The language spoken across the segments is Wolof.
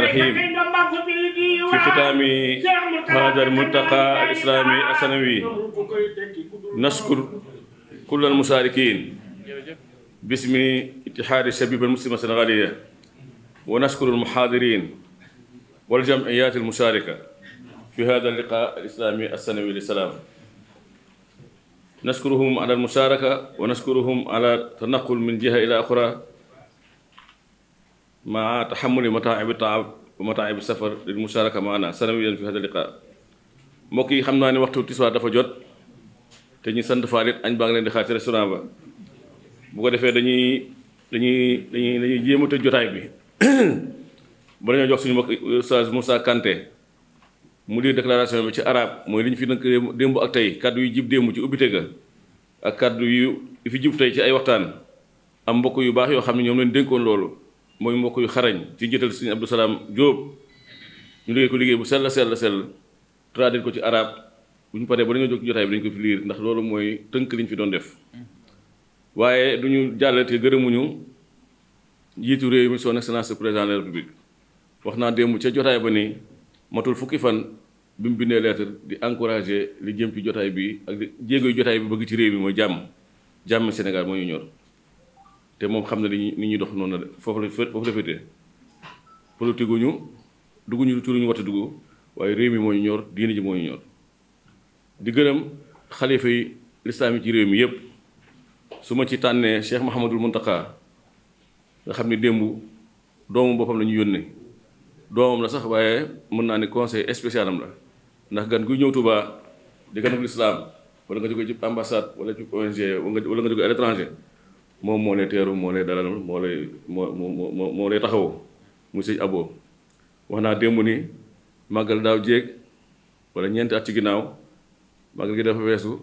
الرحيم في ختام هذا الملتقى الإسلامي السنوي نشكر كل المشاركين باسم اتحاد الشبيبة المسلمة السنغالية ونشكر المحاضرين والجمعيات المشاركة في هذا اللقاء الإسلامي السنوي للسلام نشكرهم على المشاركة ونشكرهم على التنقل من جهة إلى أخرى مع تحمل متاعب التعب ومتاعب السفر للمشاركة معنا سنويا في هذا اللقاء mbokk yi xam naa ne waxtu tisbaar dafa jot te ñu sant faalit añ baa leen di xaar ci restaurant ba bu ko defee dañuy dañuy dañuy dañuy jéem jotaay bi ba dañoo jox suñu mbokk Oustaz Moussa Kanté mu di déclaration bi ci arabe mooy li fi nag démb ak tey kàddu yu jib démb ci ubbite ga ak kàddu yi fi jib tey ci ay waxtaan am mbokk yu baax yoo xam ne ñoom leen dénkoon loolu mooy mbokk yu xarañ ci jëtal sëriñ Abdou Salaam Jóob ñu liggéey ko liggéey bu sell sell sell traduire ko ci araab bu ñu paree ba dañoo jóg ci jotaay bi dañ ko fi liir ndax loolu mooy tënk liñ fi doon def waaye du ñu jàll te gërëmuñu njiitu réew mi soo excellence président de la république wax naa démb ca jotaay ba ni matul fukki fan bi mu bindee lettre di encourager li jëm ci jotaay bi ak jéego jotaay bi bëgg ci réew mi mooy jàmm jàmm Sénégal moo ñu te moom xam na li ñuy dox noonu la foofu la foofu la féetee ñu dugg ñu ci lu ñu war a waaye réew mi moo ñu ñor diine ji moo ñu ñor di gërëm xalifa yi lislaam yi ci réew mi yëpp su ma ci tànnee Cheikh Mouhamadul Mountakha nga xam ni démb doomu boppam la ñu yónnee doomam la sax waaye mën naa ne conseil spécial la ndax gan guy ñëw Touba di gan ak lislaam wala nga jógee jëp ambassade wala ci ONG wala nga jógee à l'étranger moom moo lay teeru moo lay dalal moo lay moo moo moo lay taxawoo mu sëñ Abo wax naa démb ni màggal daaw jéeg wala ñeenti at ci ginnaaw màggal gi dafa weesu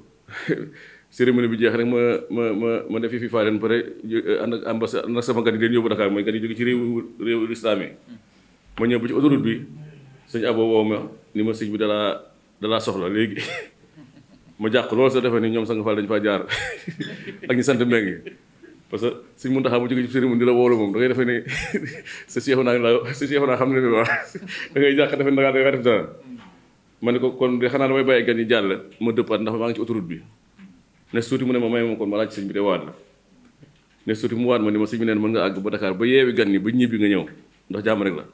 cérémonie bi jeex rek ma ma ma ma def fi faa leen pare eh, ànd ak ambassade ànd ak sama gan yi leen yóbbu Dakar mooy gan yi jóge ci réew réewu lislaam yi ma ñëw ba ci autoroute bi sëñ aboo woo ma ni ma sëñ bi dalaa dalaa soxla léegi ma jàq loolu sa defe ni ñoom sa nga dañ faa jaar ak ñi sant mbeng parce que suñ mun taxaa mu jóge ci cérémonie la woolu moom da ngay defee ne seexu naa la sa seexu naa xam ne waa defe dangaa ma ne ko kon de xanaa damay bàyyi gan yi jàll ma dëppaat ndax maa ngi ci autoroute bi ne suuti mu ne ma may moom kon ma laaj sëñ bi te waat la ne suuti mu ma ni ma sëñ bi neen mën nga àgg ba Dakar ba yeewi gan yi ba ñibbi nga ñëw ndax jàmm rek la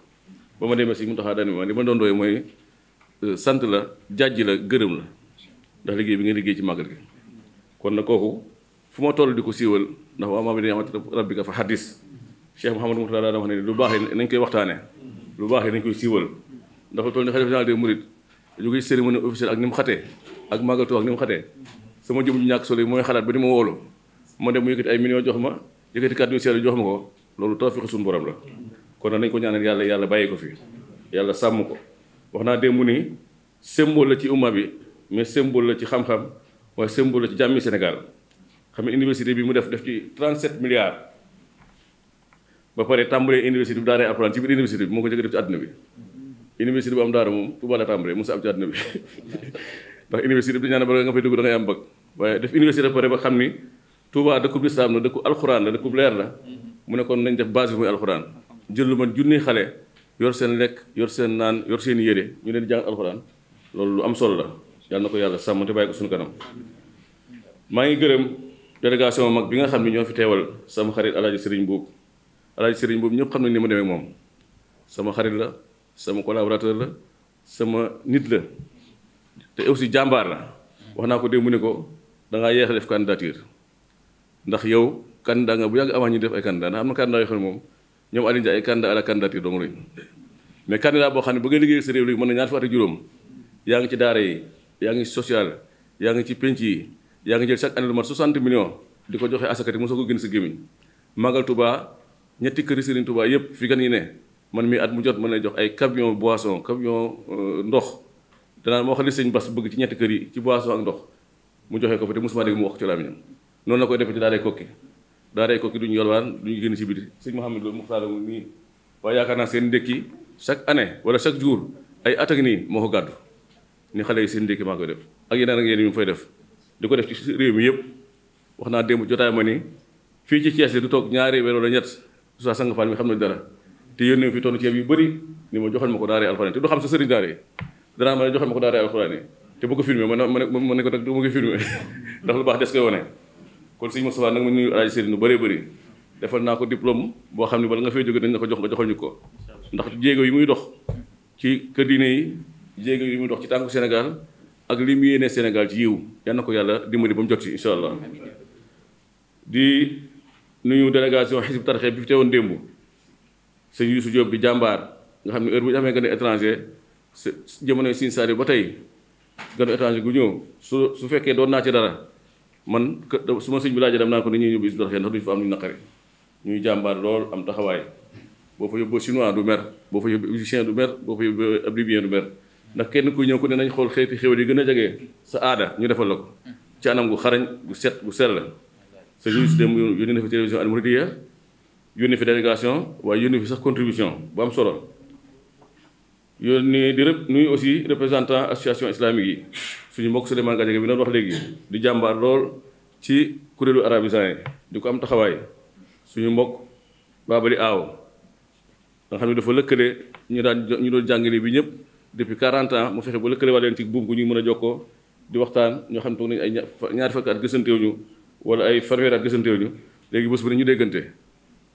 ba ma demee sëñ mu taxaa daan ma li ma doon dooy mooy euh, sant la jàjj la gërëm la ndax liggéey bi nga liggéey ci màgg gi kon na kooku fu ma toll di ko siiwal ndax wa ammaa bi ni'mati rabbika fa haddis Cheikh Mouhamadou Mourtada daana wax ne lu baax yi nañ koy waxtaane lu baax yi nañ koy siiwal ndax lu toll ni xalifa général des mourides ñu koy cérémonie officielle ak ni mu xatee ak màggal Tuubaa ak ni mu sama jëm ñu ñàkk yi mooy xalaat ba ni ma woolu ma dem mu yëkkati jox ma yëkkati kàddu jox ma ko loolu tawfiq suñu borom la kon nag nañ ko ñaanal yàlla yàlla bàyyi ko fi yàlla sàmm ko wax naa démb nii symbole la ci umma bi mais symbole la ci xam-xam waaye symbole la ci jàmmi Sénégal xam ne université bi mu def def ci 37 milliards ba pare tàmbalee université bi daaree alxuraan ci biir université bi moo ko jëkk def ci àdduna bi université bu am daara moom Tuuba la tàmbalee mosu am ci àdduna bi ndax université bi ñaan ba nga fay dugg da ngay am bëgg waaye def université ba pare ba xam ni Tuuba dëkkub lislaam la dëkkub alxuraan la dëkkub leer la mu ne kon nañ def base muy alxuraan jël junni xale yor seen lekk yor seen naan yor seen yére ñu leen jàng alxuraan loolu lu am solo la yàlla na ko yàlla sàmm te bàyyi ko suñu délégation mag bi nga xam ne ñoo fi teewal sama xarit alaaji sëriñ buub alaaji sëriñ boobu ñëpp xam nañ ni ma demee moom sama xarit la sama collaborateur la sama nit la te aussi jàmbaar la wax naa ko démb ne ko dangaa yeex def candidature ndax yow candidat nga bu yàgg avant ñu def ay candidat ndax am na candidat yoo xam ne moom ñoom Alioune Ndiaye ay candidat à la candidature dong lañ mais candidat boo xam ne ba nga liggéey sa réew léegi mën ñaar fukki at yaa ngi ci daara yi yaa ngi ci social yaa ngi ci penc yi yaa ngi jël chaque année lu mat 60 millions di ko joxe asakati mosoo ko gën si gémmiñ Magal tubaa ñetti kër këri Serigne Touba yépp fi gan yi ne man mii at mu jot mën lay jox ay cabion boisson camion euh, ndox danaa moo xam ne sëñ Bass bëgg ci ñetti kër yi ci boisson ndox mu joxe ko fa te ci làmmiñam noonu la koy defee ci daaray kokki daaray kokki duñu yolwaan duñu génn si biti sëñ Mouhamed loolu Muxtaar mu nii waaye yaakaar naa seen ndékki chaque année wala chaque jour ay at nii moo ko gàddu ni xale yi seen ndékki maa koy def ak yeneen ak yéen ñu fay def di ko def ci réew mi yëpp wax naa démb jotaay ma ni fii ci Thiès du toog ñaari weer wala ñett su sang faal mi xam na dara te yónnee fi tonn ceeb yu bëri ni ma joxoon ma ko daaree alxuraan te xam sa sëriñ daara yi danaa ma ne joxoon ko daaree alxuraan te bu ko filmé ma ne ma ne ko nag du ma ko filmé ndax lu baax des koy wane kon sëñ Moustapha nag ma nuyu alaaji sëriñ lu bëree bëri defal naa ko diplôme boo xam ne bala nga fay jóge dañ la ko jox nga joxal ñu ko ndax jéego yi muy dox ci kër diine yi jéego yi muy dox ci tànku Sénégal ak lii mu yéene Sénégal ci yiw yal ko yàlla dimbali ba jot ci incha allah di nuyu délégation xisib tarxe bi fi teewoon démb sëñ Youssou Diop di jàmbaar nga xam ne heure bu ñu amee gën a étranger jamono Sine ba tey gën a étranger gu ñëw su su fekkee doon naa ci dara man su ma sëñ bi laajee dem naa ko ni ñuy yóbbu xisib tarxe ndax duñu fa am ñu naqari jàmbaar lool am taxawaay boo fa yóbboo chinois du mer boo fa yóbboo égyptien du mer boo du mer ndax kenn ku ñëw ku ne nañ xool xeeti xéwal yi gën a jege sa aada ñu defal la ko ci anam gu xarañ gu set gu sell sa ministre dem yónni na fi télévision Al Mouridiyyah yónni fi délégation waaye yónni fi sax contribution bu am solo yónni di rep nuyu aussi représentant association islamique yi suñu mbokk Souleymane Gadiaga bi doon wax léegi di jàmbaar lool ci kuréelu arabisants yi di ko am taxawaay suñu mbokk Babali Aaw nga xam ne dafa lëkkale ñu daan ñu doon jàngale bi ñëpp depuis 40 ans mu fexe ba lëkkalewaat leen ci buum gu ñuy mën a jokkoo di waxtaan ñoo xam ne toog nañu ay ñaari fukki at gisantewuñu wala ay fanweeri at gisantewuñu léegi bés bu ne ñu déggante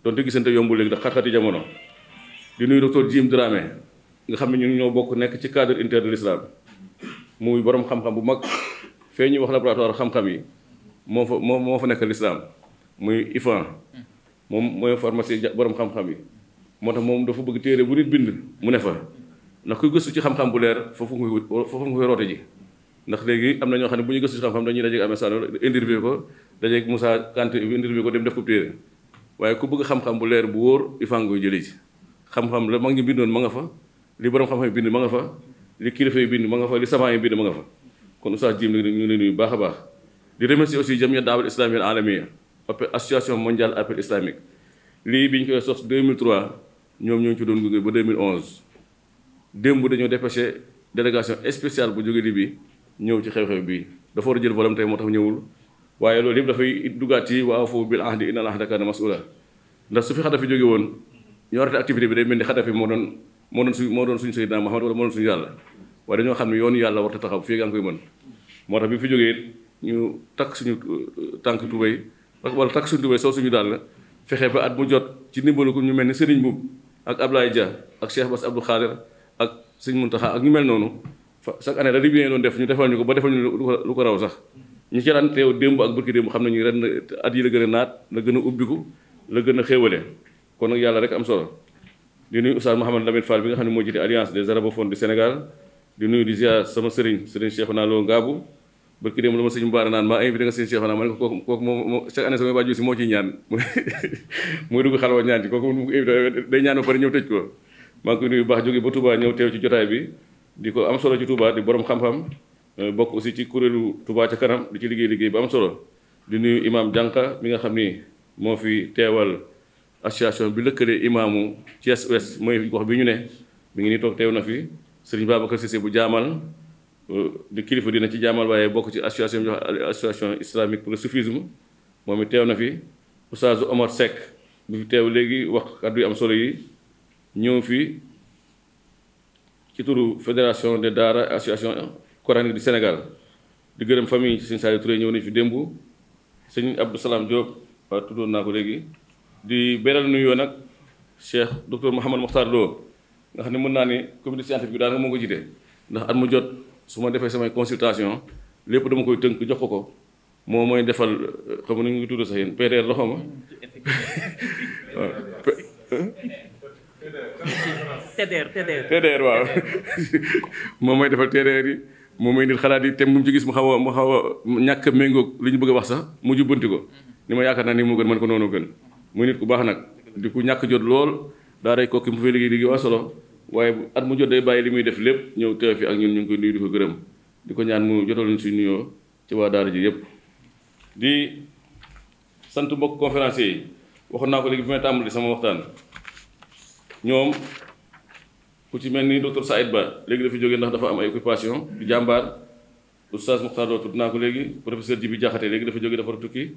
donte gisante yombul léegi ndax xat-xati jamono di nuyu docteur Jim Dramé nga xam ne ñun ñoo bokk nekk ci cadre inter de l'islam muy borom xam-xam bu mag fee ñuy wax laboratoire xam-xam yi moo fa moo moo fa nekk l'islam muy IFAN moom mooy pharmacie borom xam-xam yi moo tax moom dafa bëgg téere bu nit bind mu ne fa. ndax kuy gëstu ci xam-xam bu leer foofu nga wut foofu nga koy roote ji ndax léegi am na ñoo xam ne bu ñu gëstu ci xam-xam dañuy dajeeg Ahmed Sall interview ko dajeeg Moussa Kanté interview ko dem def ko téere waaye ku bëgg xam-xam bu leer bu wóor il faut nga koy ji xam-xam la mag ñi bindoon ma nga fa li borom xam-xam bind ma nga fa li kilifa yi bind ma nga fa li savant yi bind ma nga fa kon Oustaz Djim ñu ngi lay baax a baax di remercier aussi Jamia Daawal Islamiyya al Alamiya association mondiale appel bi ñu koy sos ñoom ñoo ci doon gunge ba 2011 démb dañoo dépêché délégation spéciale bu jóge Libye ñëw ci xew-xew bii dafa war a jël volam tey moo tax ñëwul waaye loolu yëpp dafay duggaat yi waaw foofu bil ahdi inna al ahda kaana mas'uula ndax su fi Xadafi jóge woon ñu arrêté activité bi day mel ni Xadafi moo doon moo doon suñ moo doon suñu Seydina Muhammad wala moo doon suñu yàlla waaye dañoo xam ne yoon yàlla warta taxaw fii gaa ngi koy mën moo tax bi fi jógee ñu takk suñu euh, tànk tubéy wala takk suñu tubéy soo suñu daal fexe ba at mu jot ci ndimbalu ko ñu mel ni Serigne Mbuub ak Ablaye Dia ak Cheikh Bass Abdou Khader ak sëñ Muntaxa ak ñu mel noonu fa chaque année rajo bi ñu doon def ñu defal ñu ko ba defal ñu lu ko raw sax ñu ci daan teew démb ak bërki démb xam ren at yi la gën naat la gën a ubbiku la gën a xéewale kon nag yàlla rek am solo di nuyu Oustaz Mouhamed Lamine Fall bi nga xam ne moo jiite alliance des arabophones du Sénégal di nuyu di ziar sama sëriñ sëriñ Cheikhouna Lo Ngabou bërki démb la ma sëñ Mbaara naan maa invité nga sëñ Cheikhouna ma ne ko kooku kooku moom chaque année samay waajur si moo ciy ñaan mooy dugg xalwa ñaan ci kooku day ñaan ba pare ñëw tëj ko maa ngi koy nuyu baax jóge ba tubaa ñëw teew ci jotaay bi di ko am solo ci Touba di borom xam-xam euh, bokk aussi ci kuréelu Touba ci kanam di ci liggéey liggéey bu am solo di nuyu imaam Jànqa mi nga xam ni moo fi teewal association bi lëkkale imaamu Thiès Ouest mooy gox bi ñu ne mi ngi nii toog teew na fi sëriñ Babacar Cissé bu jaamal euh, di kilifa dina ci jaamal waaye bokk ci association bi wax association islamique pour le moom it teew na fi Oustaz Omar Seck bu fi teew léegi wax kàddu am solo yi. ñëw fii ci turu fédération de daara association coranique du Sénégal di gërëm famille sëñ Saliou Touré ñëw nañu fi démb sëñ Abdou Salam Diop waaw tuddoon naa ko léegi di beral nuyoo nag Cheikh docteur Mouhamed Mokhtar Lo nga xam ne mën naa ne comité scientifique bi daanaka moo ko jiite ndax at mu jot su ma defee samay consultation lépp dama koy tënk jox ko ko moom mooy defal xam nga nu ñu ngi tudd sax yéen PDR loxo ma TDR TDR waaw moom mooy defal TDR yi moom mooy indil xalaat yi te mu ci gis mu xaw a mu xaw a ñàkk a méngóog li ñu bëgg a wax sax mu jubbanti ko ni ma yaakaar naa ni mu ma man ko noonu gën muy nit ku baax nag di ku ñàkk jot lool daa rey mu fay liggéey liggéey waa solo waaye at mu jot day bàyyi li muy def lépp ñëw teew fi ak ñun ñu ngi koy nuyu di ko gërëm di ko ñaan mu jotal ñu suñu nuyoo ci waa daara ji yëpp di sant mbokk conférencier yi waxoon sama waxtaan ñoom ku ci mel ni docteur Saïd Ba léegi dafa jóge ndax dafa am ay occupation di jàmbaar oustaz Mokhtar Lo naa ko léegi professeur Djibi Diakhaté léegi dafa jógee dafa tukki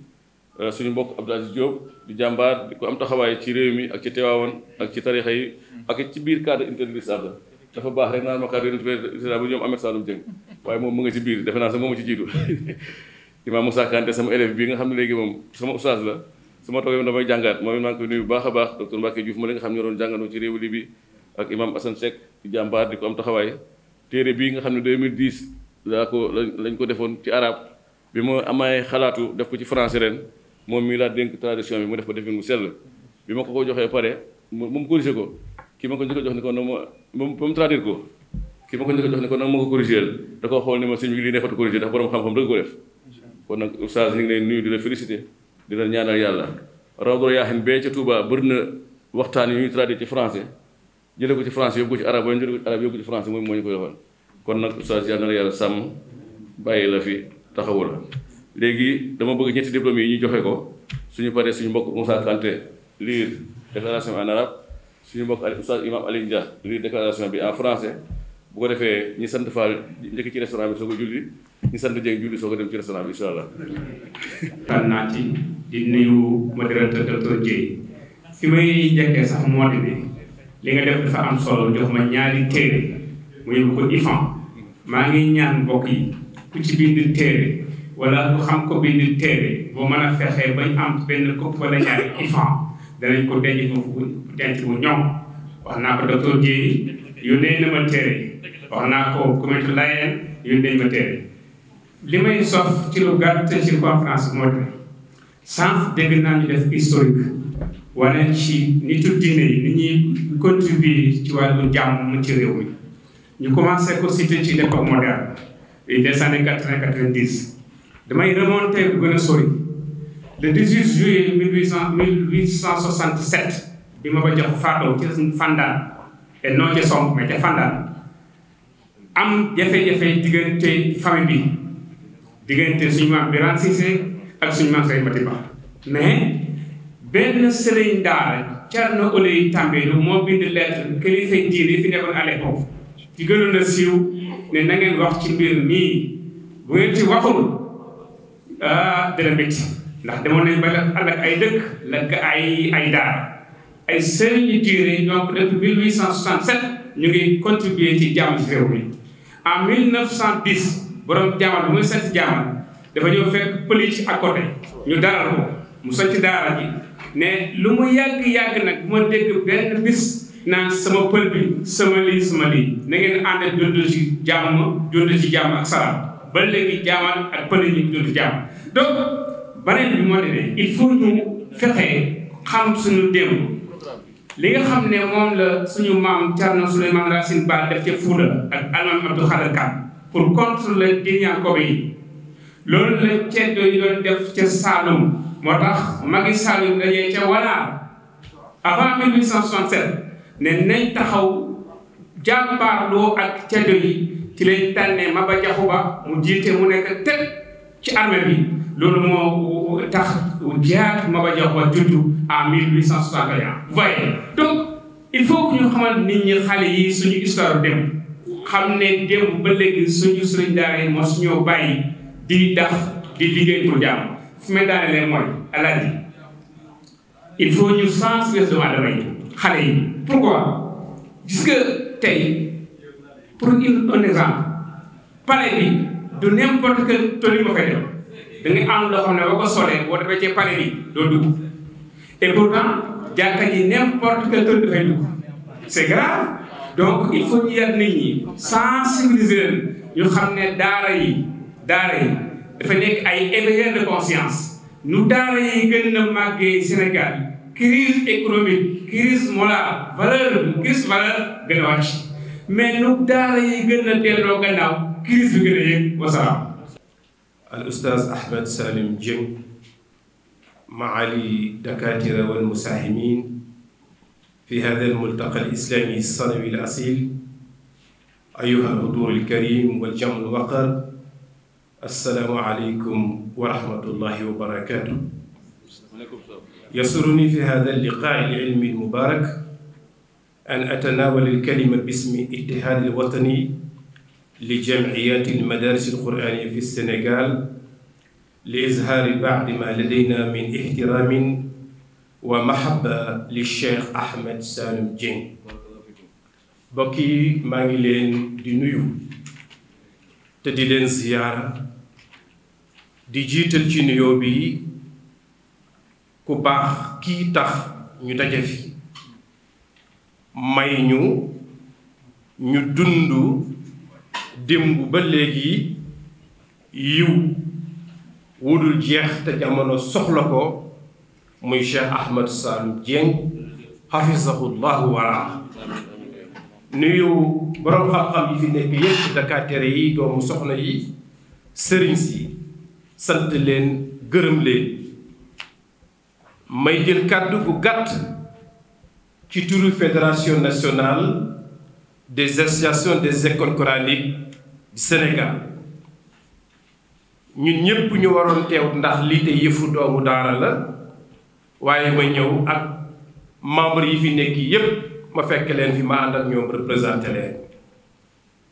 euh, suñu mbokk Abdou Aziz Diop di jàmbaar di ko am taxawaay ci réew mi ak ci teewaawoon ak ci tarixa yi ak ci biir cadre interdisable dafa baax rek naan ma cadre interdisable ñoom Ahmed Saloum Dieng waaye moom mu nga ci biir defe naa ma moom ci jiitu Imam Moussa Kanté sama élève bii nga xam ne léegi moom sama oustaz la su ma toogee damay jàngaat moom it maa ngi koy nuyu bu baax a baax docteur Mbacke Diouf ma li nga xam ñoo doon jàngandoo ci réewu Libi ak imam Assane Seck di jàmbaar di ko am taxawaay téere bii nga xam ne 2010 laa ko lañ ko defoon ci araab bi ma amay xalaatu def ko ci français ren moom mii laa dénk tradition bi mu def ko defin mu sell bi ma ko ko joxee pare moom corrigé ko kii ma ko njëkk jox ne ko na ma ba mu traduire ko kii ma ko a jox ne ko nag ma ko corrigé da ko xool ne ma ko def kon ñu ngi lay nuyu di la félicité di leen ñaanal yàlla Rawdu Rayaahin bee ca Touba bëri na waxtaan yu ñuy traduit ci français jëlee ko ci français yóbbu ko ci arabe wala jëlee ko ci arabe yóbbu ko ci français moom moo ñu koy waxal kon nag oustaz yàlla na la yàlla sàmm bàyyi la fi taxawu la. léegi dama bëgg ñetti diplôme yi ñu joxe ko suñu paree suñu mbokk Moussa Kanté lire déclaration en arabe suñu mbokk Oustaz Imam Alioune liir lire bi en français. bu defee ñi sant Fall njëkk ci restaurant bi soo ko julli ñi sant Dieng julli soo ko dem ci restaurant bi incha allah. xam naa ci di ma modérateur docteur Dieye fi li nga def dafa am solo jox ma ñaari téere mu yóbbu ko IFAN maa ngi ñaan mbokk yi ku ci bind téere wala ku xam ko bind téere boo mën a fexee bañ am benn kopp wala ñaari IFAN danañ ko denc foofu denc bu ñoom wax naa ko docteur Dieye yónnee na ma téere. wax naa ko communauté Layène yónnee nañ li may sof ci lu gàtt ci conférence moo tax sànq dégg naa ñu def historique wane ci nitu diine ni ñuy contribuer ci wàllu jàmm ci réew mi ñu commencé ko cité ci l'époque moderne des années quatre-vingt quatre-vingt-dix damay remonté bu gën a sori le 18 juillet 1800 1867 bi ma ba jox faatoo ci Fandaan et non ca Somb mais ca Fandaan am jafe-jafe diggante famille bi diggante suñu maam Birane Cissé ak suñu maam Serigne Mati Ba mais benn sëriñ daara Thierno Oulaye Tambédou moo bind lettre kilifa diine yi fi nekkoon à l'époque ci gënoon a siiw ne na wax ci mbir mii bu ngeen ci ah dana métti ndax demoon nañ ba àll ak ay dëkk lakk ay ay daara ay sëriñ diine donc depuis 1867 ñu ngi contribuer ci jàmm ci réew en 1910 borom jaamal bi muy sanc jaamal dafa ñëw fekk pëli ci à côté ñu dalal ko mu sanc daara ji ne lu mu yàgg-yàgg nag bu ma dégg benn bis naan sama pël bi sama lii sama lii na ngeen ànd ak dund ci jàmm dund ci jàmm ak salaam ba léegi jaamal ak pël yi dund jàmm donc beneen bi moo di il faut ñu fexe xam sunu démb li nga xam ne moom la suñu maam Thierno Souleymane Racine Ba def ca Fuuta ak almaam Abdou Khadre pour contre le Guinée-Kobe yi loolu la ceddo yi doon def ca Saloum moo tax magi Saloum dajee ca Wanaar avant 1867 ne nañ taxaw jàmbaarloo ak ceddo yi ci lañ tànnee Maba Jaxu Ba mu jiite mu nekk tëj. ci armée bi loolu moo tax Diat Maba Diaw Ba juddu en 1861. voyez donc il faut que ñu xamal nit ñi xale yi suñu histoire dem xam ne démb ba léegi suñu sëriñ daara yi moo suñoo bàyyi di dax di liggéey pour jàmm fu may daanelee mooy alaaji il faut ñu sensibiliser doomu aadama xale yi pourquoi gis tey pour une exemple palais bi. du n'importe quel tenue nga fay def da ngay am loo xam ne boo ko solee boo defee ci pare bi doo dugg et pourtant ji n'importe quel tenue dafay dugg c'est grave donc il faut ñu yar nit ñi sensibiliser leen ñu xam ne daara yi daara yi dafa nekk ay éveilleurs de conscience nu daara yi gën a màggee Sénégal crise économique crise morale valeur crise valeur gën a wàcc mais nu daara yi gën a delloo gannaaw crise bi gën a yëg wasalaam al ustaz ahmed salim dieng maali dakatira wal musaahimin fi hada al multaqa al islami sanawi al asil ayuha al hudur al karim wal jam al waqar assalaamu aleykum wa rahmatullahi wa barakatuh يسرني في هذا اللقاء العلمي المبارك أن أتناول الكلمة باسم الاتحاد الوطني li jamciyati almadaris alqur'aniya fi Sénégal li izhaari ba'di ma ladayna min ihtiraamin wa mahabba li Cheikh Ahmed Saloum Dieng mbokk yi maa ngi leen di nuyu te di leen ziyaara di jiital ci nuyoo bi ku baax kii tax ñu daje fi may ñu ñu dund démb ba léegi yiw wudul jeex te jamono soxla ko muy Cheikh Ahmed Saloum Dieng xafisahu llahu nuyu boroom xam-xam yi fi nekk yépp dakatere yi doomu soxna yi sëriñ si sant leen gërëm leen may jël kàddu bu gàtt ci turu fédération nationale des associations des écoles coraniques di Sénégal ñun ñépp ñu waroon teew ndax li te yëfu doomu daara la waaye ma ñëw ak membre yi fi nekk yépp ma fekk leen fi ma ànd ak ñoom représenté leen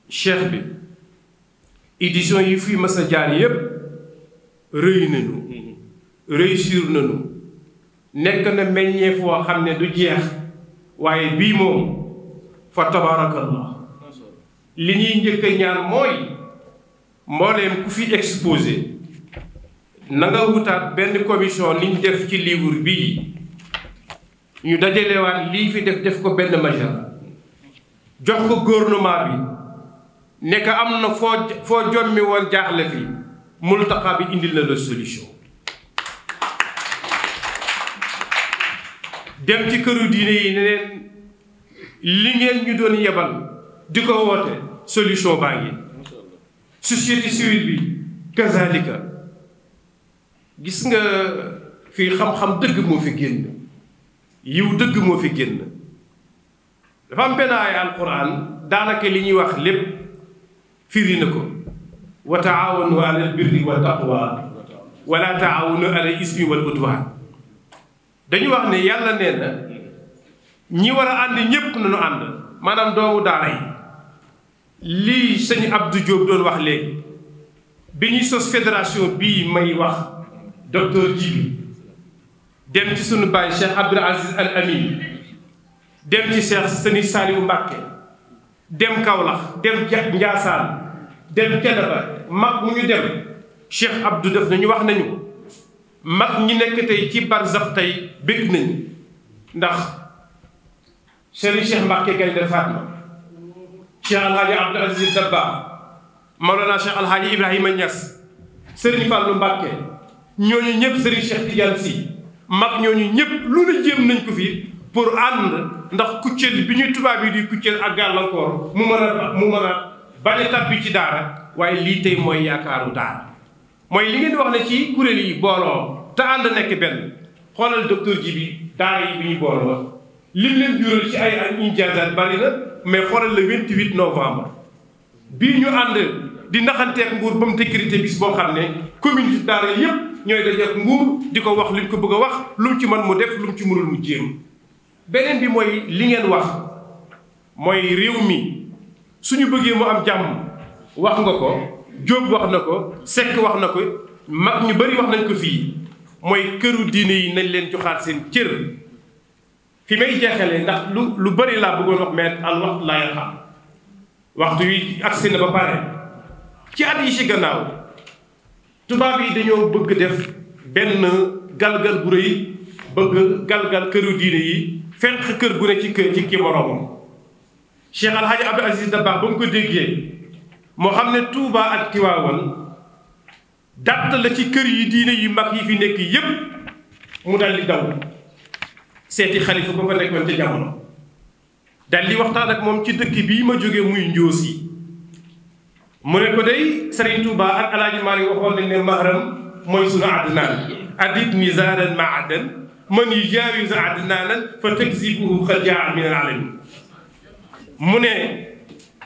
cheikh bi édition yi fi mas a jaar yépp rëy nañu réussir nañu nekk na meññeef woo xam ne du jeex waaye bii moom fa tabarakallah li ñuy njëkk a ñaan mooy mbooleem ku fi exposé na wutaat benn commission ni ñu def ci livre bi ñu dajalewaat lii fi def def ko benn majeur jox ko gouvernement bi ne am na foo foo jommi woon jaaxle fi multaqa bi indil na la solution dem ci këru diine yi ne li ngeen ñu doon yebal di ko woote solution baa ngi société civile bi kazalika gis nga fii xam-xam dëgg moo fi génn yiw dëgg moo fi génn dafa am benn ay alquran daanaka li ñuy wax lépp firi na ko wa taawanu ala albirri wa taqwa wala taawanu ala ismi wal udwan dañu wax ne yàlla nee na ñi war a ànd ñépp nañu ànd maanaam doomu daara lii sëñ Abdou Diop doon wax léegi bi ñuy sos fédération bii may wax docteur Djibi dem ci sunu baay Cheikh Abdoul Aziz Al Amin dem ci Cheikh sëñ Saliou Mbacke dem Kaolack dem Njaasaan dem Thiénaba mag mu ñu dem Cheikh abdu def nañu wax nañu mag ñi nekk tey ci barzax tey bëgg nañu ndax sëriñ Cheikh Mbacke Gaynde Fatma Cheikh Alhaji Abdou Aziz Dabba Maolana Cheikh Alhaji Ibrahima Niass Serigne Fallou Mbacké ñooñu ñëpp Serigne Cheikh Tidiane Sy mag ñooñu ñëpp lu ne jéem nañ ko fi pour ànd ndax kucceel bi ñuy tubaab yi di kucceel ak gàllankoor mu mën a mu mën a bañ a tàbbi ci daara waaye lii tey mooy yaakaaru daara mooy li ngeen wax ne ci kuréel yi booloo te ànd nekk benn xoolal docteur ji bi daara yi bi ñu booloo lim leen jural ci ay ay injaazaat bari la mais xoolal le 28 novembre bii ñu ànd di naxanteek nguur ba mu décrété bis boo xam ne commune si daara yëpp ñooy dajeek nguur di ko wax luñ ko bëgg a wax lu mu ci mën mu def lu mu ci mënul mu jéem. beneen bi mooy li ngeen wax mooy réew mi suñu bëggee mu am jàmm wax nga ko Jóob wax na ko Seck wax na ko mag ñu bari wax nañ ko fii mooy këru diine yi nañ leen joxaat seen cër. fi may jeexale ndax lu lu bëri laa bëggoon wax mais al waxtu waxtu yi agsi na ba pare ci at yi ci gannaaw tubaab yi dañoo bëgg def benn galgal bu rëy bëgg galgal këru diine yi fenq kër gu ne ci kër ci ki moroomam Cheikh Al Hadj Abdou ba mu ko déggee moo xam ne Touba ak Tiwaawan dàtt la ci kër yi diine yu mag yi fi nekk yépp mu di daw seeti xalifa ba fa nekkoon ca jamono dal di waxtaan ak moom ci dëkk bii ma jóge muy njóos yi mu ne ko day Serigne Touba ak Alaaji waxoon nañ ne mahram mooy sunu adnaan adib mizaanan maadan man yujaawizu adnaanan fa takzibuhu qad jaa min al alamin mu ne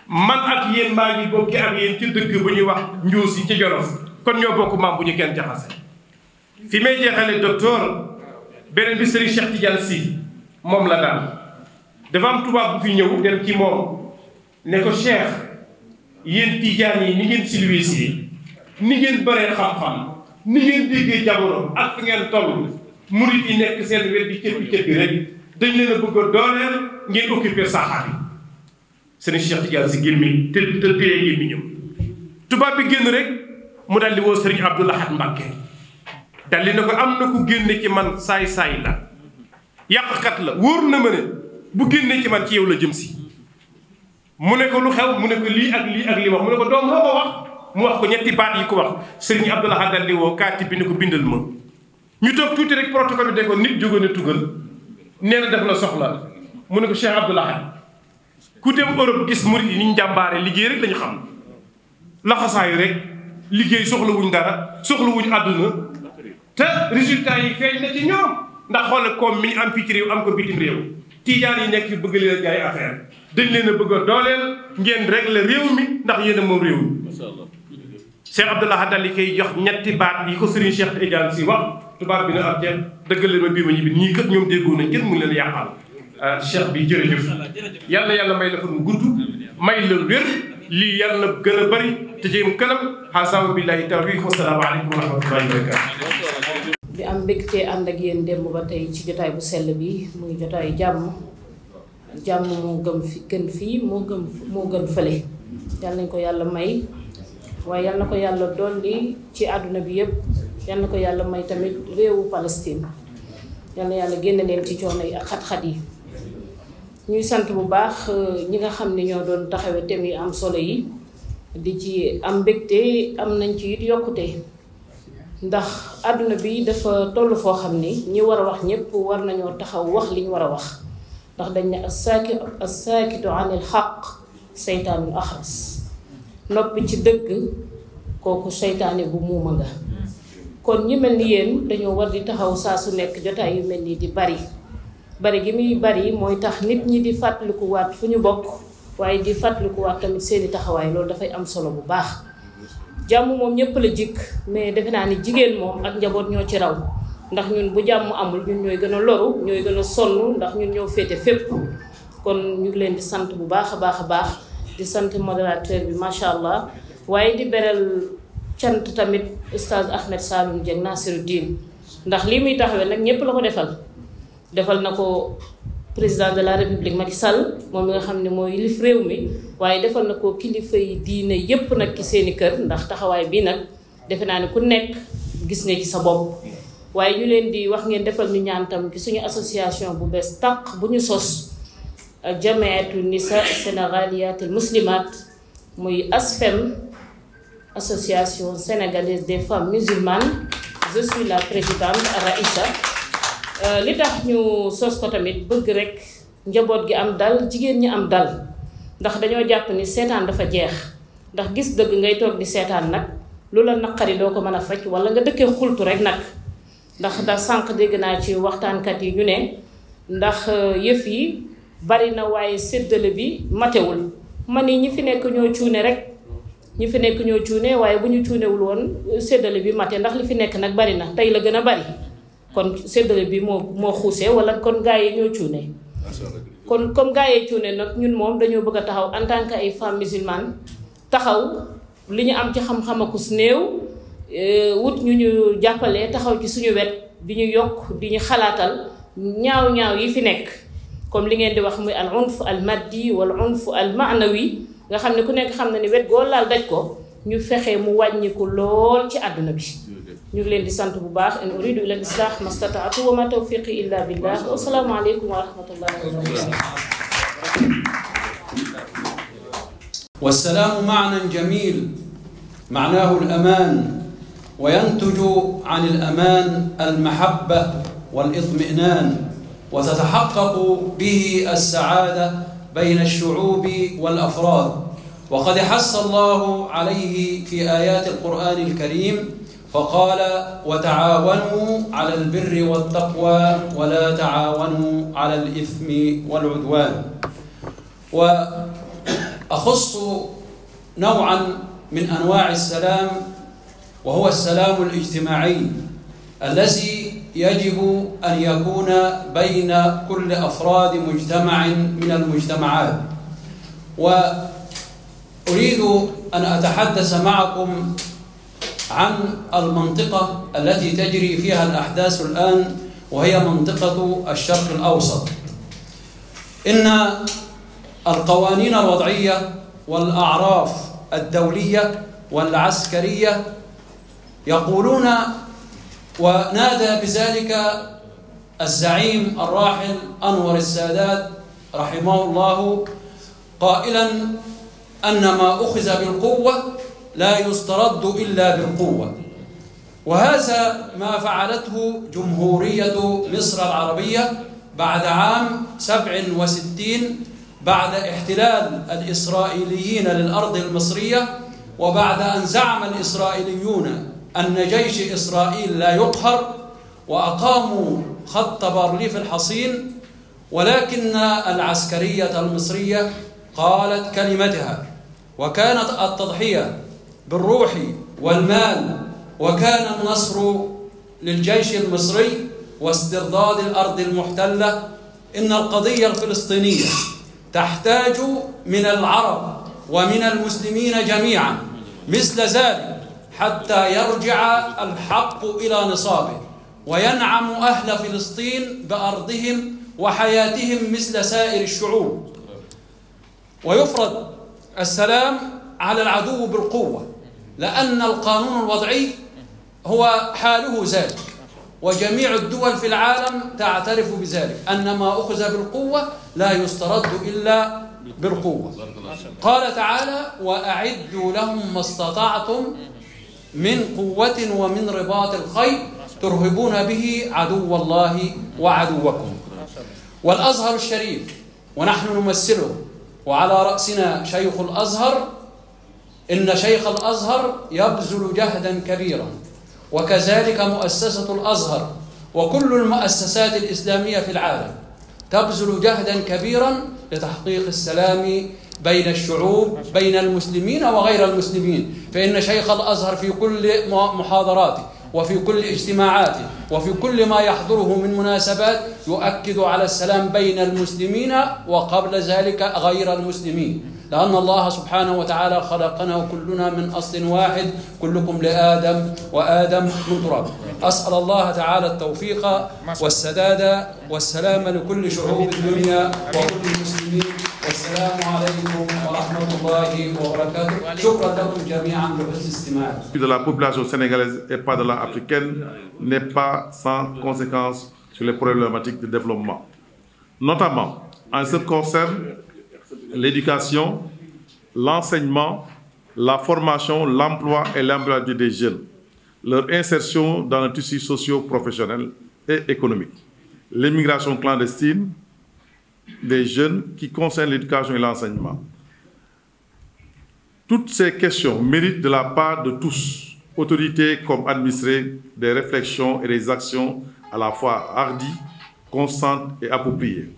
man ak yéen maa ngi bokki ak ci dëkk bu ñuy wax njóos yi ci Jolof kon ñoo bokk maam bu ñu kenn jaxase fi may jeexale docteur beneen bi Serigne Cheikh Tidiane si moom la daan dafa am tubaab bu fi ñëw dem ci moom ne ko Cheikh yéen Tidiane yi ni ngeen silwis yi ni ngeen bëree xam-xam ni ngeen déggee jamono ak fi ngeen toll murit yi nekk seen wet di cëppi cëppi rek dañ leen a bëgg a dooleel ngeen occupé saaxaar yi Serigne Cheikh Tidiane Sy gémmi te te téye gémmi ñëw tubaab bi génn rek mu daal di woo Serigne Abdou Lahad Mbacké dalli na ko am na ku génne ci man saay-saay la yàqkat la wóor na ma ne bu génne ci man ci yow la jëm si mu ne ko lu xew mu ne ko lii ak lii ak lii wax mu ne ko doom moo ko wax mu wax ko ñetti baat yi ko wax sëriñ Abdou Lahad daldi woo kaati bi ne ko bindal ma ñu toog tuuti rek protocole bi de ko nit jóge na tugal nee na def na soxla mu ne ko Cheikh Abdou Lahad ku dem Europe gis murid yi ni ñu jàmbaare liggéey rek la ñu xam laxasaayu rek liggéey soxla wuñ dara soxla wuñ àdduna te résultat yi feeñ na ci ñoom ndax xoolal koom mi ñu am fii ci réew am ko bitim réew tiijaan yi nekk bëgg leen jaay affaire dañ leen a bëgg a dooleel ngeen régler réew mi ndax yéen a moom réew mi. Cheikh Abdallah Hadali koy jox ñetti baat yi ko Serigne Cheikh Tidiane si wax tubaab bi na ab ceeb dëggal ma bii ma ñibbi ñii kat ñoom déggoo nañ kenn mu leen yàqal. Euh, cheikh bi jërëjëf yàlla yàlla may la fan gudd may la wér lii yàlla na gën a bëri te jëm kanam xaasaabu billahi tawfiq wa salaamu am mbégte ànd ak yéen démb ba tey ci jotaay bu sell bi muy jotaay jàmm jàmm moo gëm fi gën fii moo gëm moo gën fële yàlla nañ ko yàlla may waaye yàlla na ko yàlla dolli ci àdduna bi yëpp yàlla na ko yàlla may tamit réewu Palestine yàlla na yàlla génn leen ci coono yi ak xat-xat yi ñuy sant bu baax euh, ñi nga xam ne ñoo doon taxawe thème yi am solo yi di ci am mbégte am nañ ci it yokkute ndax àdduna bi dafa toll foo xam ni ñi war a wax ñépp war nañoo taxaw wax liñ war a wax ndax dañ ne assaaki assaakitu anil xaq seytaanul axras noppi ci dëgg kooku seytaane bu muuma nga kon ñi mel ni yéen dañoo war di taxaw saa su nekk jotaay yu mel nii di bari bari gi muy bari mooy tax nit ñi di fàttalikuwaat fu ñu bokk waaye di fàttalikuwaat tamit seeni taxawaay loolu dafay am solo bu baax jàmm moom ñëpp la jikk mais defe naa ni jigéen moom ak njaboot ñoo ci raw ndax ñun bu jàmm amul ñun ñooy gën a loru ñooy gën a sonn ndax ñun ñoo féete fépp kon ñu leen di sant bu baax a baax a baax di sant modérateur bi macha allah waaye di beral cant tamit oustaz Ahmed Saloum naa Nasiru Diin ndax li muy taxawee nag ñëpp la ko defal defal na ko président de la république Macky sal moom mi nga xam ne mooy yilif réew mi waaye defal na ko kilifa yi diine yépp nag ci seeni kër ndax taxawaay bii nag defe naa ne ku nekk gis nga ci sa bopp waaye ñu leen di wax ngeen defal ñu ñaantam ci suñu association bu bees tàq bu ñu sos jamaatu nisa sénégaliyatil muslimat muy ASFEM association sénégalaise des femmes musulmanes je suis la présidente Raïssa Euh, li tax ñu sos ko tamit bëgg rek njaboot gi am dal jigéen ñi am dal ndax dañoo jàpp ni seetaan dafa jeex ndax gis dëgg ngay toog di seetaan nag lu la naqari doo ko mën a faj wala nga dëkkee xultu rek nag ndax da sànq dégg naa ci waxtaankat yi ñu ne ndax euh, yëf yi bari na waaye séddale bi matewul man ni ñi fi nekk ñoo cuune rek ñu fi nekk ñoo cuune waaye bu ñu cuunewul woon séddale bi mate ndax li fi nekk nag bari na tey la gën a bari kon séddale bi moo moo xuusee wala kon gars yi ñoo cuune kon comme gars yi cuune nag ñun moom dañoo bëgg a taxaw en tant que ay femmes musulmanes taxaw li ñu am ci xam-xam ak néew euh, wut ñu ñu jàppale taxaw ci suñu wet bi ñu yokk di ñu xalaatal ñaaw-ñaaw yi fi nekk comme li ngeen di wax muy al unf al maddi wala unf al maanawi nga xam ne ku nekk xam na ni wet goo laal daj ko ñu fexe mu wàññiku lool ci àdduna bi ñu ngi leen di sant bu baax in uridu ila islah mastataatu wa ma tawfiqi illa billah wa salaamu aleykum wa rahmatullahi wa barakatuh والسلام معنى جميل معناه الأمان وينتج عن الأمان المحبة والإطمئنان وتتحقق به السعادة بين الشعوب والأفراد وقد حث الله عليه في آيات القرآن الكريم فقال وتعاونوا على البر والتقوى ولا تعاونوا على الإثم والعدوان وأخص نوعا من أنواع السلام وهو السلام الاجتماعي الذي يجب أن يكون بين كل أفراد مجتمع من المجتمعات وأريد أن أتحدث معكم عن المنطقة التي تجري فيها الأحداث الآن وهي منطقة الشرق الأوسط إن القوانين الوضعية والأعراف الدولية والعسكرية يقولون ونادى بذلك الزعيم الراحل أنور السادات رحمه الله قائلا أن ما أخذ بالقوة لا يسترد إلا بالقوة وهذا ما فعلته جمهورية مصر العربية بعد عام سبع وستين بعد احتلال الإسرائيليين للأرض المصرية وبعد أن زعم الإسرائيليون أن جيش إسرائيل لا يقهر وأقاموا خط بارليف الحصين ولكن العسكرية المصرية قالت كلمتها وكانت التضحية بالروح والمال وكان النصر للجيش المصري واسترداد الارض المحتله ان القضيه الفلسطينيه تحتاج من العرب ومن المسلمين جميعا مثل ذلك حتى يرجع الحق الى نصابه وينعم اهل فلسطين بارضهم وحياتهم مثل سائر الشعوب ويفرض السلام على العدو بالقوه لأن القانون الوضعي هو حاله ذلك وجميع الدول في العالم تعترف بذلك أن ما أخذ بالقوة لا يسترد إلا بالقوة قال تعالى وأعدوا لهم ما استطعتم من قوة ومن رباط الخيل ترهبون به عدو الله وعدوكم والأزهر الشريف ونحن نمثله وعلى رأسنا شيخ الأزهر إن شيخ الأزهر يبذل جهدا كبيرا وكذلك مؤسسة الأزهر وكل المؤسسات الإسلامية في العالم تبذل جهدا كبيرا لتحقيق السلام بين الشعوب بين المسلمين وغير المسلمين فإن شيخ الأزهر في كل محاضراته وفي كل اجتماعاته وفي كل ما يحضره من مناسبات يؤكد على السلام بين المسلمين وقبل ذلك غير المسلمين لأن الله سبحانه وتعالى خلقنا كلنا من أصل واحد كلكم لآدم وآدم من تراب أسأل الله تعالى التوفيق والسداد والسلام لكل شعوب الدنيا وكل المسلمين والسلام عليكم ورحمة الله وبركاته شكرا لكم جميعا لحسن استماعكم de la population sénégalaise et pas de la africaine n'est pas sans conséquence sur les problématiques de développement, notamment en ce qui concerne l'éducation, l'enseignement, la formation, l'emploi et l'employabilité des jeunes, leur insertion dans le tissu socio-professionnel et économique, l'immigration clandestine des jeunes qui concerne l'éducation et l'enseignement. Toutes ces questions méritent de la part de tous, autorités comme administrés, des réflexions et des actions à la fois hardies, constantes et appropriées.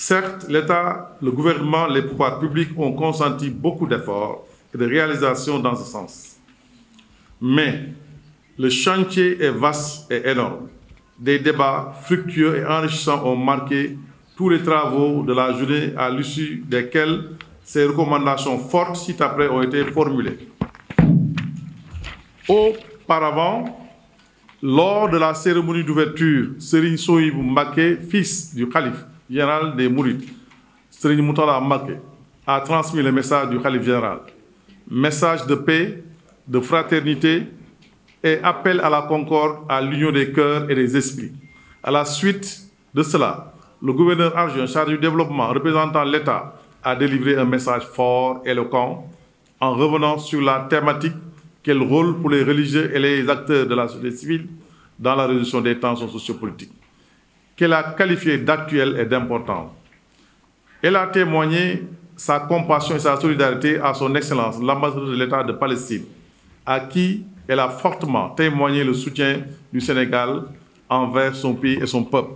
Certes, l'État, le gouvernement, les pouvoirs publics ont consenti beaucoup d'efforts et de réalisations dans ce sens. Mais le chantier est vaste et énorme. Des débats fructueux et enrichissants ont marqué tous les travaux de la journée à l'issue desquels ces recommandations fortes ci-après ont été formulées. Auparavant, lors de la cérémonie d'ouverture, Serigne Souhaïbou Mbacké, fils du calife, général des Mourides, Serigne Moutala Maké, a transmis le message du Khalif général. Message de paix, de fraternité et appel à la concorde, à l'union des cœurs et des esprits. À la suite de cela, le gouverneur argent chargé du développement représentant l'État a délivré un message fort, éloquent, en revenant sur la thématique quel rôle pour les religieux et les acteurs de la société civile dans la résolution des tensions sociopolitiques. qu'elle a qualifié d'actuel et d'important. Elle a témoigné sa compassion et sa solidarité à son Excellence, l'ambassadeur de l'État de Palestine, à qui elle a fortement témoigné le soutien du Sénégal envers son pays et son peuple.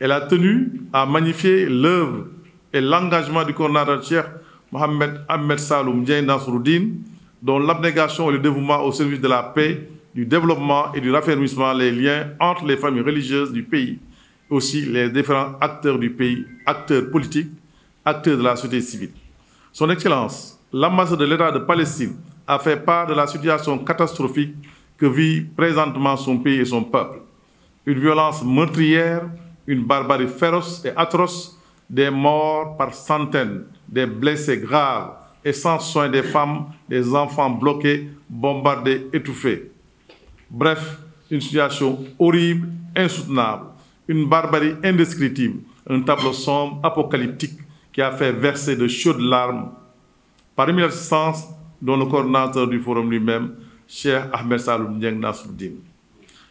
Elle a tenu à magnifier l'œuvre et l'engagement du coordonnateur-chef Mohamed Ahmed Saloum Dieng Nasruddin, dont l'abnégation et le dévouement au service de la paix, du développement et du raffermissement les liens entre les familles religieuses du pays. aussi les différents acteurs du pays, acteurs politiques, acteurs de la société civile. Son Excellence, l'ambassade de l'État de Palestine a fait part de la situation catastrophique que vit présentement son pays et son peuple. Une violence meurtrière, une barbarie féroce et atroce, des morts par centaines, des blessés graves et sans soin des femmes, des enfants bloqués, bombardés, étouffés. Bref, une situation horrible, une barbarie indescriptible, un tableau sombre, apocalyptique, qui a fait verser de chaudes larmes. Parmi les sens, dont le coordinateur du forum lui-même, Cheikh Ahmed Saloum Dieng Nasruddin.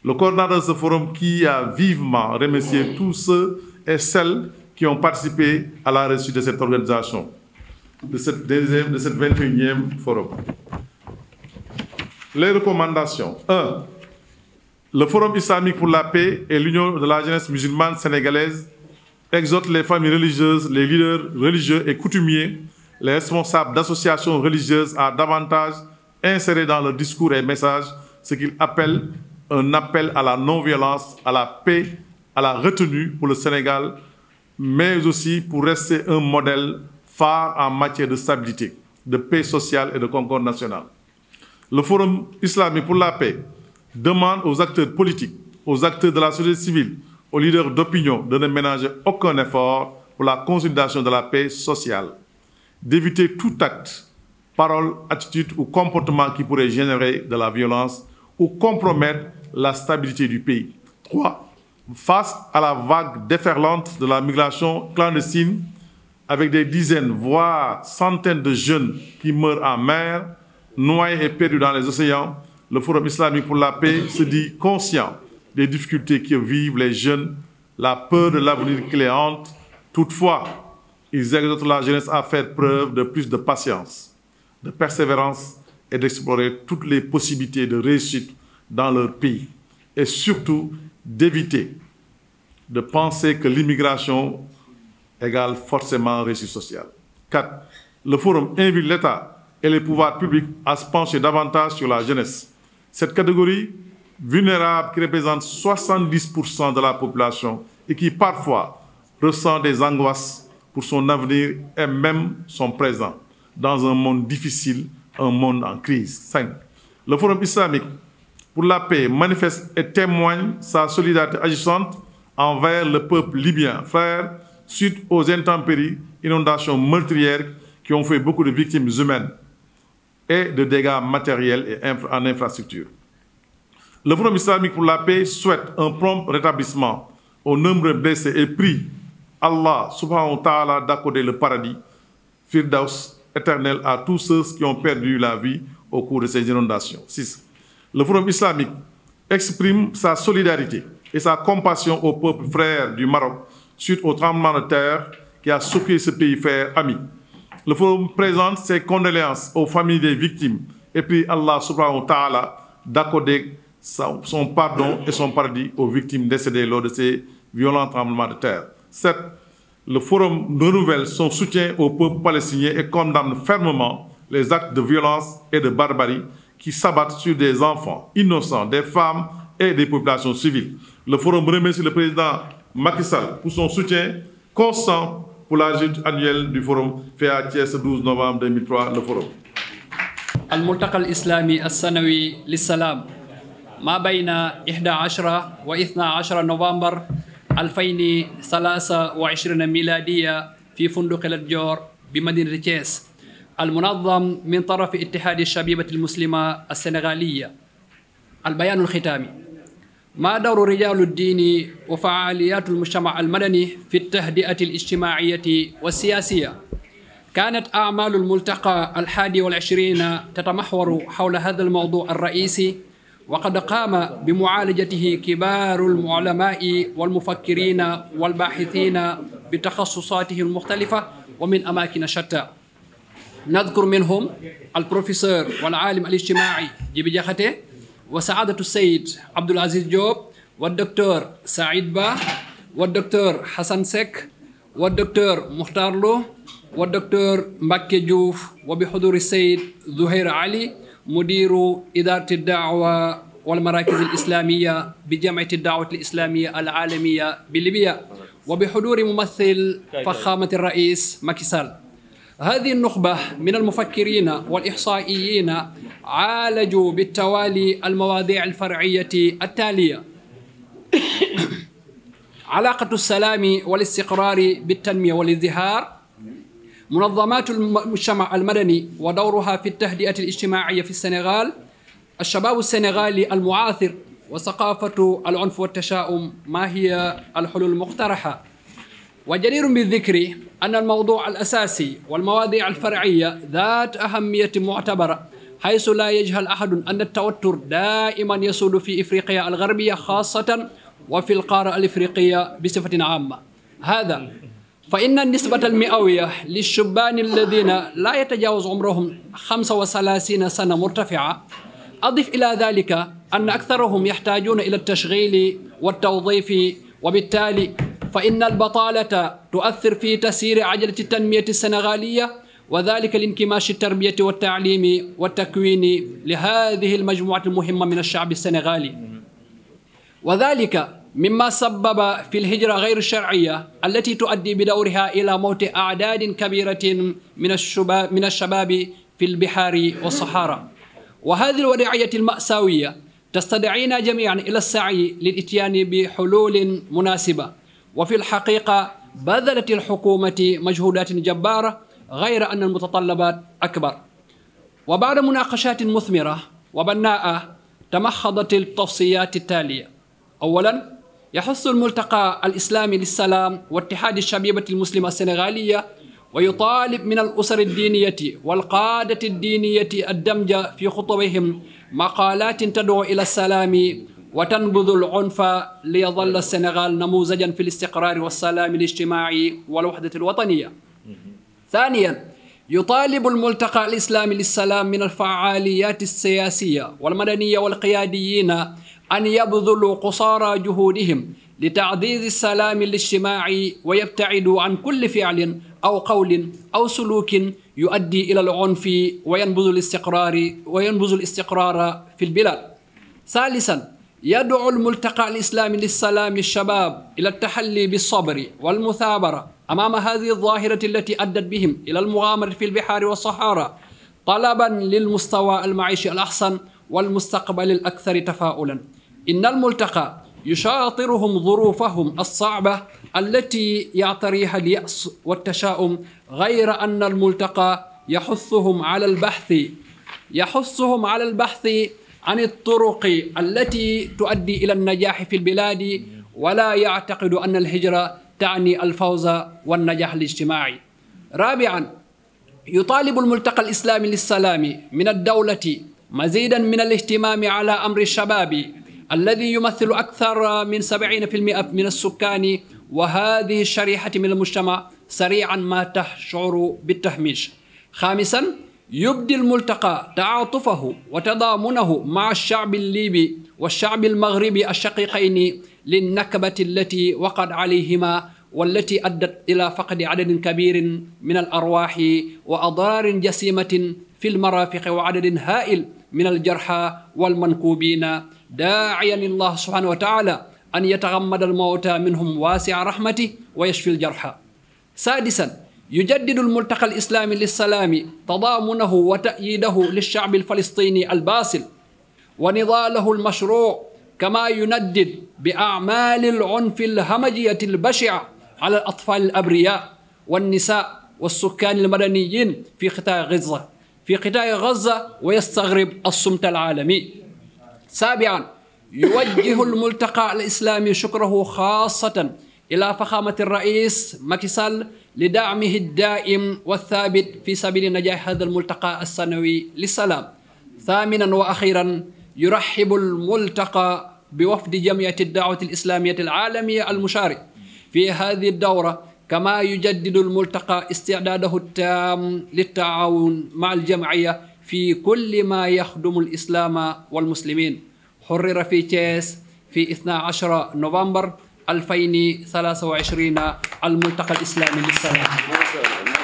Le coordinateur de ce forum qui a vivement remercié tous ceux et celles qui ont participé à la réussite de cette organisation, de cette, deuxième, de e forum. Les recommandations. Le Forum islamique pour la paix et l'Union de la jeunesse musulmane sénégalaise exhorte les familles religieuses, les leaders religieux et coutumiers, les responsables d'associations religieuses à davantage insérer dans le discours et messages ce qu'ils appellent un appel à la non-violence, à la paix, à la retenue pour le Sénégal, mais aussi pour rester un modèle phare en matière de stabilité, de paix sociale et de concorde nationale. Le Forum islamique pour demande aux acteurs politiques, aux acteurs de la société civile, aux leaders d'opinion de ne ménager aucun effort pour la consolidation de la paix sociale, d'éviter tout acte, parole, attitude ou comportement qui pourrait générer de la violence ou compromettre la stabilité du pays. 3. Face à la vague déferlante de la migration clandestine, avec des dizaines, voire centaines de jeunes qui meurent en mer, noyés et perdus dans les océans, le Forum islamique pour la paix se dit conscient des difficultés que vivent les jeunes, la peur de l'avenir qui les hante. Toutefois, ils exhortent la jeunesse à faire preuve de plus de patience, de persévérance et d'explorer toutes les possibilités de réussite dans leur pays. Et surtout, d'éviter de penser que l'immigration égale forcément réussite social 4. Le Forum invite l'État et les pouvoirs publics à se pencher davantage sur la jeunesse Cette catégorie vulnérable qui représente 70% de la population et qui parfois ressent des angoisses pour son avenir et même son présent dans un monde difficile, un monde en crise. 5. Le Forum islamique pour la paix manifeste et témoigne sa solidarité agissante envers le peuple libyen, frère, suite aux intempéries, inondations meurtrières qui ont fait beaucoup de victimes humaines. et de dégâts matériels et infra en infrastructure. Le Forum islamique pour la paix souhaite un prompt rétablissement aux nombreux blessés et prie Allah subhanahu wa ta'ala d'accorder le paradis, firdaus éternel à tous ceux qui ont perdu la vie au cours de ces inondations. Le Forum islamique exprime sa solidarité et sa compassion au peuple frère du Maroc suite au tremblement de terre qui a secoué ce pays frère ami. Le forum présente ses condoléances aux familles des victimes et puis Allah subhanahu wa ta'ala d'accorder son pardon et son paradis aux victimes décédées lors de ces violents tremblements de terre. 7. Le forum renouvelle son soutien au peuple palestinien et condamne fermement les actes de violence et de barbarie qui s'abattent sur des enfants innocents, des femmes et des populations civiles. Le forum remercie le président Macky Sall pour son soutien constant pour la réunion annuelle du forum fait à Thiès 12 novembre 2003 le forum الملتقى الإسلامي السنوي للسلام ما بين 11 و12 نوفمبر 2023 ميلادية في فندق الديور بمدينة تشيس المنظم من طرف اتحاد الشبيبة المسلمة السنغالية البيان الختامي ما دور رجال الدين وفعاليات المجتمع المدني في التهدئة الاجتماعية والسياسية كانت أعمال الملتقى الحادي والعشرين تتمحور حول هذا الموضوع الرئيسي وقد قام بمعالجته كبار العلماء والمفكرين والباحثين بتخصصاته المختلفة ومن أماكن شتى نذكر منهم البروفيسور والعالم الاجتماعي جيبي جاختي وسعادة السيد عبد العزيز جوب والدكتور سعيد با والدكتور حسن سك والدكتور مختار لو والدكتور مكي جوف وبحضور السيد زهير علي مدير إدارة الدعوة والمراكز الإسلامية بجامعة الدعوة الإسلامية العالمية بليبيا وبحضور ممثل فخامة الرئيس مكي سال هذه النخبة من المفكرين والإحصائيين عالجوا بالتوالي المواضيع الفرعية التالية علاقة السلام والاستقرار بالتنمية والازدهار منظمات المجتمع المدني ودورها في التهدئة الاجتماعية في السنغال الشباب السنغالي المعاصر وثقافة العنف والتشاؤم ما هي الحلول المقترحة والجدير بالذكر أن الموضوع الأساسي والمواضيع الفرعية ذات أهمية معتبرة حيث لا يجهل أحد أن التوتر دائما يسود في إفريقيا الغربية خاصة وفي القارة الإفريقية بصفة عامة هذا فإن النسبة المئوية للشبان الذين لا يتجاوز عمرهم 35 سنة مرتفعة أضف إلى ذلك أن أكثرهم يحتاجون إلى التشغيل والتوظيف وبالتالي فإن البطالة تؤثر في تسيير عجلة التنمية السنغالية وذلك لانكماش التربية والتعليم والتكوين لهذه المجموعة المهمة من الشعب السنغالي وذلك مما سبب في الهجرة غير الشرعية التي تؤدي بدورها إلى موت أعداد كبيرة من الشباب, من الشباب في البحار والصحارى وهذه الوضعية المأساوية تستدعينا جميعا إلى السعي للإتيان بحلول مناسبة وفي الحقيقة بذلت الحكومة مجهودات جبارة غير أن المتطلبات أكبر وبعد مناقشات مثمرة وبناءة تمخضت التوصيات التالية أولا يحث الملتقى الإسلامي للسلام واتحاد الشبيبة المسلمة السنغالية ويطالب من الأسر الدينية والقادة الدينية الدمج في خطبهم مقالات تدعو إلى السلام wa tanbudu l unfa li yadall sénégal namuzajan fi listiqraari walsalaami alijtimaai walwaxdati alwataniya thaniyan yutaalibu almultaqa alislami lilsalaam min alfaaliyat alsiyaasiya walmadaniya walqiyaadiyina an yabdulu qusaara juhudihim لتعزيز السلام الاجتماعي ويبتعدوا عن كل فعل أو قول أو سلوك يؤدي إلى العنف وينبذ الاستقرار وينبذ الاستقرار في البلاد. ثالثا يدعو الملتقى الإسلامي للسلام الشباب إلى التحلي بالصبر والمثابرة أمام هذه الظاهرة التي أدت بهم إلى المغامرة في البحار والصحارى طلبا للمستوى المعيشي الأحسن والمستقبل الأكثر تفاؤلا إن الملتقى يشاطرهم ظروفهم الصعبة التي يعتريها اليأس والتشاؤم غير أن الملتقى يحثهم على البحث يحثهم على البحث an alturuqi allati tuaddi ila alnajaxi fi lbilaadi wala yactaqidu an alhijra taani alfawza wannajax alijtimaci rabian yutaalibu almultaqa alislami lilsalaami min aldawlati mazidan min alihtimaami ala amri alshababi alladi yumathilu akthar min 70% min alsukkaani wa hadihi alsharixati min almujtama sarican ma tashcuru bitahmish xaamisan يبدي الملتقى تعاطفه وتضامنه مع الشعب الليبي والشعب المغربي الشقيقين للنكبة التي وقد عليهما والتي أدت إلى فقد عدد كبير من الأرواح وأضرار جسيمة في المرافق وعدد هائل من الجرحى والمنكوبين داعيا الله سبحانه وتعالى أن يتغمد الموتى منهم واسع رحمته ويشفي الجرحى سادسا yujaddidu almultaqa alislaami lissalaami tadaamunahu wa ta'yiidahu lilshacbi alfalistini albaasil wa nidaalahu almashruuc kama yunaddid bi acmaali alcunfi alhamajiyati albashica ala alatfaali alabriyaa wannisaa والسكان المدنيين في قطاع غزة في قطاع غزة ويستغرب الصمت العالمي سابعا يوجه الملتقى الإسلامي شكره خاصة إلى فخامة الرئيس ماكي سال li daamihi daaim wa thaabit fi sabili najaahi hada almultaqa alsanawi lissalaam thaaminan wa axiran yuraxibu almultaqa bi wafdi jamiyati daawati alislaamiyati alaalamiya almushaari fi hadi aldawra kama yujaddidu almultaqa isticdaadahu taam liltaawun maa aljamciya fi kulli maa yaxdumu alislaama walmuslimin xurrira fi Thiès fi 12 novembre alfayni salaasa wa ishrina al multaqa al islami lissalaam